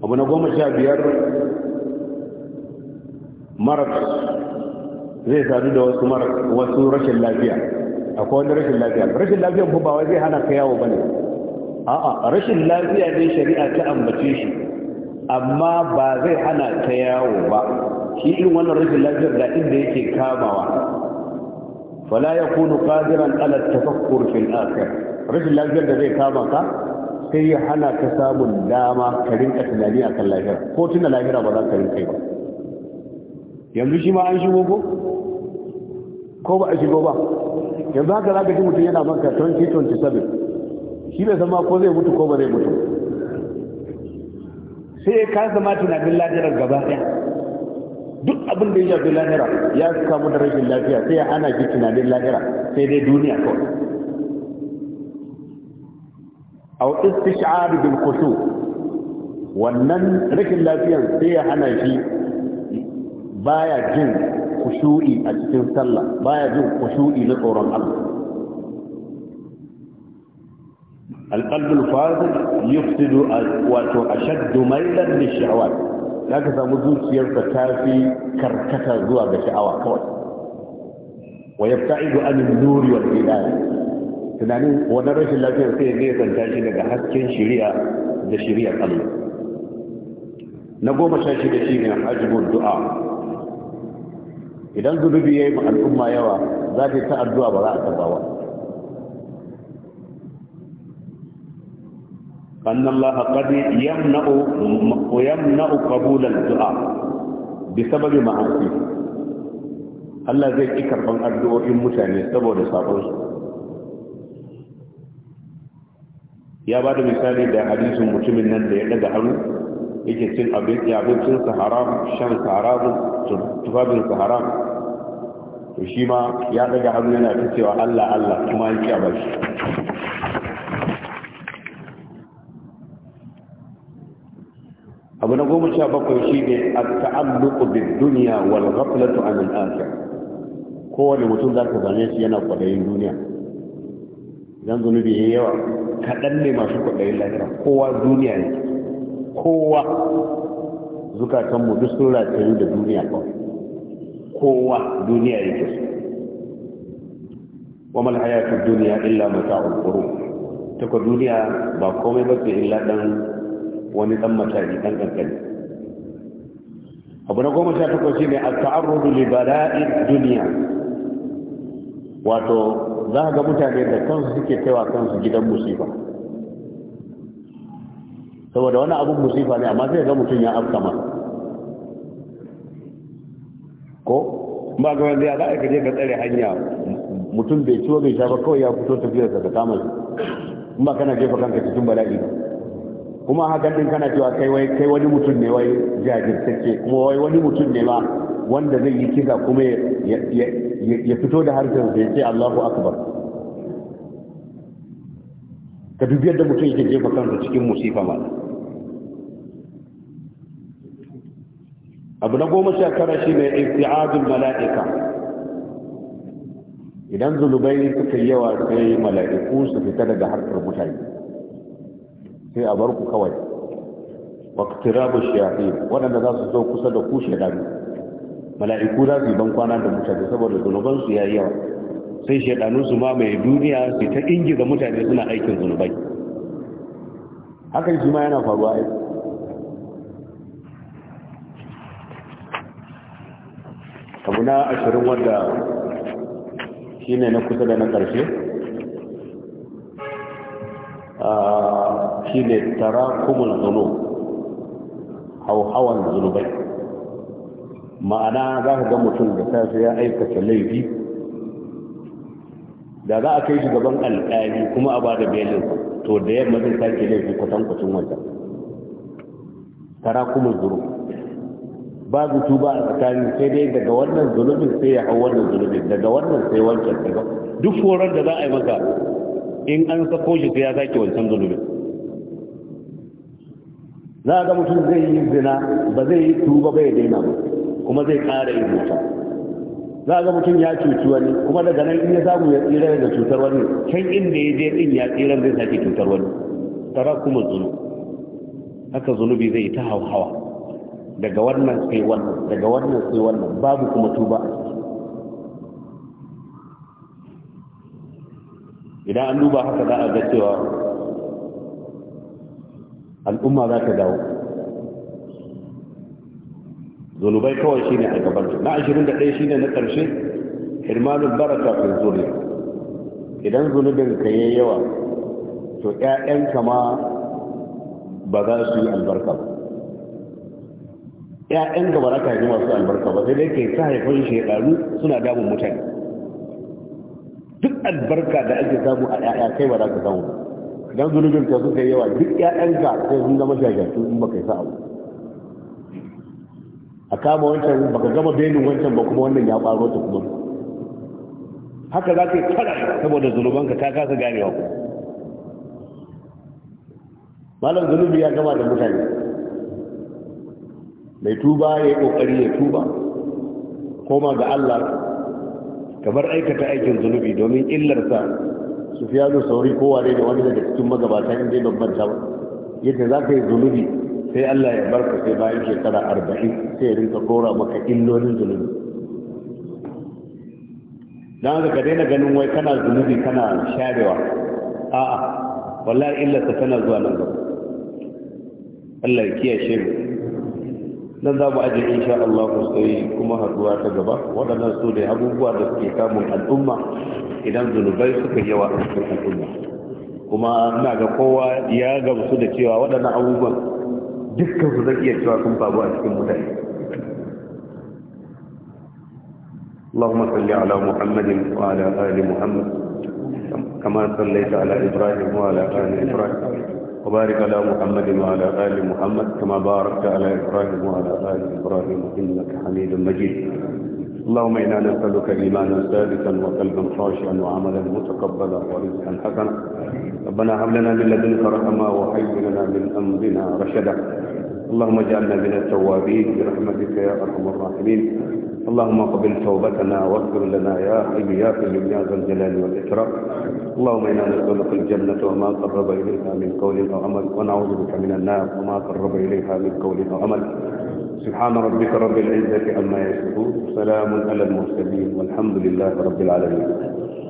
abu na goma sha biyar marar zai sadu da wasu wasu rashin lafiya akwai wani rashin lafiya rashin lafiya ko ba wai zai hana ka yawo bane a'a rashin lafiya ne shari'a ta ambace shi amma ba zai hana ka yawo ba shi irin wannan rashin lafiyar da inda yake kamawa fala yakunu qadiran ala tafakkur fil akhir rashin lafiyar da zai kama ka sai ya hana ka samun dama ka rinka tunani akan lafiyar. ko tuna lahira ba za ka rinka yi ba yanzu shi ma an shigo ko ko ba a shigo ba yanzu haka za ka ji mutum yana maka 2027 shi bai zama ko zai mutu ko ba zai mutu sai ya kasa zama tunanin lahirar gaba ɗaya duk abin da ya shafi lahira ya kamu da rashin lafiya sai ya ana ki tunanin lahira sai dai duniya kawai au istishar bil kusur wannan rashin lafiyan sai ya hana shi baya jin kushu'i a cikin sallah baya jin kushu'i na tsoron Allah القلب الفاضل wato واتو اشد ميلا للشهوات zaka samu zuciyarka ta fi karkata zuwa ga sha'awa kawai wa yabta'idu an an-nuri wal hidayah tunanin wannan rashin lafiyar sai ne zanta shi daga hasken shari'a da shari'ar Allah na goma sha shida shine hajjul du'a idan zunubi ya yi ma al'umma yawa za ta yi ta addu'a ba za a taba wa أن الله قد يمنع ويمنع قبول bi sababi معاصيه Allah zai ƙi karɓar addu'o'in mutane saboda su. Ya ba da misali da hadisin mutumin nan da ya daga hannu yake cin abincinsa haram, shan haram, tufafin haram, to shi ma ya daga hannu yana ta cewa Allah Allah kuma ya ci a shi. abu na goma sha bakwai shi ne a ta'alluku bi duniya wal ghaflatu an al-akhir kowane mutum za ka zane shi yana kwadayin duniya dan zunubi yayi yawa kaɗan ne masu kwaɗayin lahira kowa duniya ne kowa zukatanmu duk sun da duniya kawai kowa duniya yake so wa mal hayatu duniya illa mata'ul ghurur ta ko duniya ba komai ba ce illa dan wani dan mataki dan kankani abu na goma sha takwas shi ne a ta'arrudu li bala'i duniya wato za ga mutane da kansu suke kaiwa kansu gidan musifa saboda wani abun musifa ne amma sai ga mutum ya afka masa ba ga wanda ya za a ka je ka tsare hanya mutum bai ciwo bai sha ba kawai ya fito tafiya sa ka kama shi in ba kana jefa kanka cikin bala'i kuma hakan din kana cewa kai wai kai wani mutum ne wai jajirtacce kuma wai wani mutum ne ma wanda zai yi kiga kuma ya fito da harshen sa ya ce Allahu akbar ka dubi yadda mutum yake jefa kansa cikin musifa malam abu na goma sha tara shi ne isti'adul mala'ika idan zulubai suka yi yawa sai mala'iku su fita daga harkar mutane sai a bar ku kawai waqtirabu shayatin waɗanda za su zo kusa da ku shedanu mala'iku za su yi ban kwana da mutane saboda zunuban su yayi yawa sai shedanu su mai duniya su ta ingiza mutane suna aikin zulubai. hakan shi ma yana faruwa aiki abu na ashirin wanda shi ne na kusa da na ƙarshe ah, shi ne tara kumul zuno hauhawan zunubai ma'ana za ka ga mutum da safe ya aikata laifi da za a kai shi gaban kuma a ba da belin to da yamma zai sake laifi kwatankwacin wanda tara kumul zuno babu tuba a tsakani sai dai daga wannan zunubin sai ya hau wannan zunubin daga wannan sai wancan daga duk horon da za a yi maka in an sako shi sai ya sake wancan zunubin za a ga mutum zai yi zina ba zai yi tuba bai daina ba kuma zai ƙara yin mota za a ga mutum ya cuci wani kuma daga nan in ya samu ya tsira daga cutar wani can inda ya je din ya tsira zai sake cutar wani tara kuma zunubi haka zunubi zai ta hauhawa daga wannan sai wannan daga wannan sai wannan babu kuma tuba a ciki idan an duba haka za a ga cewa al'umma za ta dawo zunubai kawai shine a gaban na 21 shine na ƙarshe hirmanin baraka fi zuri idan zunubin ka yayi yawa to ƴaƴanka ma ba za su yi albarka ba ƴaƴan ba za ka haifi masu albarka ba sai dai kai ta haifar shekaru suna damun mutane duk albarka da ake samu a ƴaƴa kai ba za ka samu ba, don zunubin ta suka yawa duk ƴaƴanka sai sun zama shagatu in baka sa abu a kama wancan baka gama benin wancan ba kuma wannan ya faro ta kuma haka za ka yi tara saboda zunubanka ka kasa ganewa ku. malam zunubi ya gama da mutane mai tuba ya yi kokari ya tuba koma ga Allah kamar aikata aikin zunubi domin illarsa su fiya zo sauri kowa ne da wani daga cikin magabata in dai babbanta ba yadda za ka yi zunubi sai Allah ya barka sai bayan shekara arba'in sai ya rinka kora maka illolin zunubi don haka ka daina ganin wai kana zunubi kana sharewa a'a wallahi illarsa tana zuwa nan gaba Allah ya kiyashe mu nan za mu aje insha Allah ku sai kuma haduwa ta gaba waɗannan su ne abubuwa da suke samun al'umma idan zunubai suka yawa a cikin al'umma kuma ina ga kowa ya gamsu da cewa waɗannan abubuwan dukkan su zai iya cewa sun faru a cikin mutane اللهم صل على محمد وعلى آل محمد كما صليت على إبراهيم وعلى آل إبراهيم وبارك على محمد وعلى آل محمد كما باركت على إبراهيم وعلى آل إبراهيم إنك حميد مجيد اللهم إنا نسألك إيمانا ثابتا وقلبا خاشعا وعملا متقبلا ورزقا حسنا ربنا هب لنا من لدنك رحمة وهب لنا من أمرنا رشدا اللهم اجعلنا من التوابين برحمتك يا أرحم الراحمين اللهم قبل توبتنا واغفر لنا يا حي يا قيوم يا ذا الجلال والإكرام اللهم إنا نسألك الجنة وما قرب إليها من قول أو عمل ونعوذ بك من النار وما قرب إليها من قول أو عمل سبحان ربك رب العزة عما يصفون سلام على المرسلين والحمد لله رب العالمين